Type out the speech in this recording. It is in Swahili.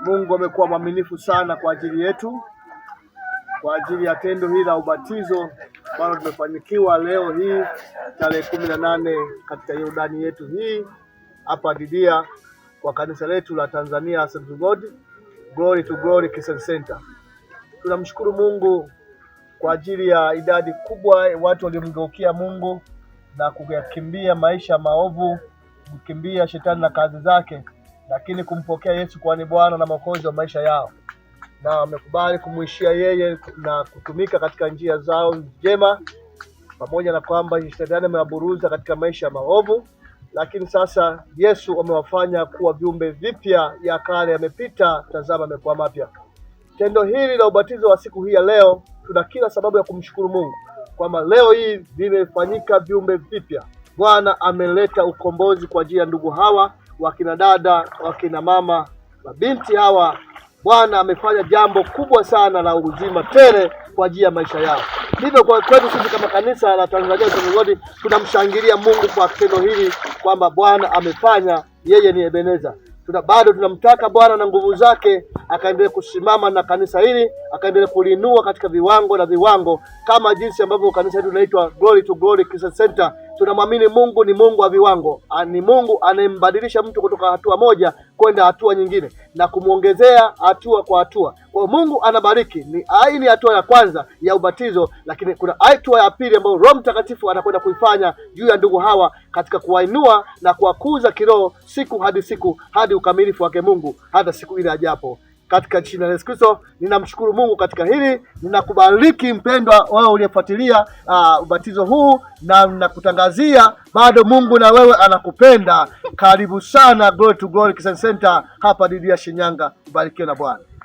Mungu amekuwa mwaminifu sana kwa ajili yetu, kwa ajili ya tendo hili la ubatizo ambalo tumefanikiwa leo hii tarehe kumi na nane katika Yordani yetu hii hapa Didia kwa kanisa letu la Tanzania Assemblies of God Glory to Glory Christian Center. Tunamshukuru Mungu kwa ajili ya idadi kubwa ya watu waliomgeukia Mungu na kuyakimbia maisha maovu, kukimbia shetani na kazi zake lakini kumpokea Yesu kuwa ni Bwana na Mwokozi wa maisha yao, na wamekubali kumuishia yeye na kutumika katika njia zao njema, pamoja na kwamba shetani amewaburuza katika maisha ya maovu, lakini sasa Yesu amewafanya kuwa viumbe vipya, ya kale yamepita, tazama amekuwa mapya. Tendo hili la ubatizo wa siku hii ya leo, tuna kila sababu ya kumshukuru Mungu kwamba leo hii vimefanyika viumbe vipya. Bwana ameleta ukombozi kwa ajili ya ndugu hawa wakina dada, wakina mama, mabinti hawa, Bwana amefanya jambo kubwa sana la uzima tele kwa ajili ya maisha yao. Hivyo kwa kwetu sisi kama kanisa la Tanzania Ugodi tunamshangilia Mungu kwa tendo hili kwamba Bwana amefanya, yeye ni Ebeneza. Tuna, bado tunamtaka Bwana na nguvu zake akaendelee kusimama na kanisa hili akaendelee kulinua katika viwango na viwango, kama jinsi ambavyo kanisa hili linaitwa Glory to Glory Christian Center tunamwamini Mungu ni Mungu wa viwango, ah, ni Mungu anayembadilisha mtu kutoka hatua moja kwenda hatua nyingine na kumwongezea hatua kwa hatua. Kwa Mungu anabariki. Ni aini hatua ya kwanza ya ubatizo, lakini kuna hatua ya pili ambayo Roho Mtakatifu anakwenda kuifanya juu ya ndugu hawa katika kuwainua na kuwakuza kiroho siku hadi siku hadi ukamilifu wake Mungu hata siku ile ajapo katika jina la Yesu Kristo ninamshukuru Mungu katika hili, ninakubariki mpendwa wewe uliyefuatilia uh, ubatizo huu na ninakutangazia bado Mungu na wewe anakupenda. Karibu sana Glory to Glory Christian Center hapa Didia Shinyanga, ubarikiwe na Bwana.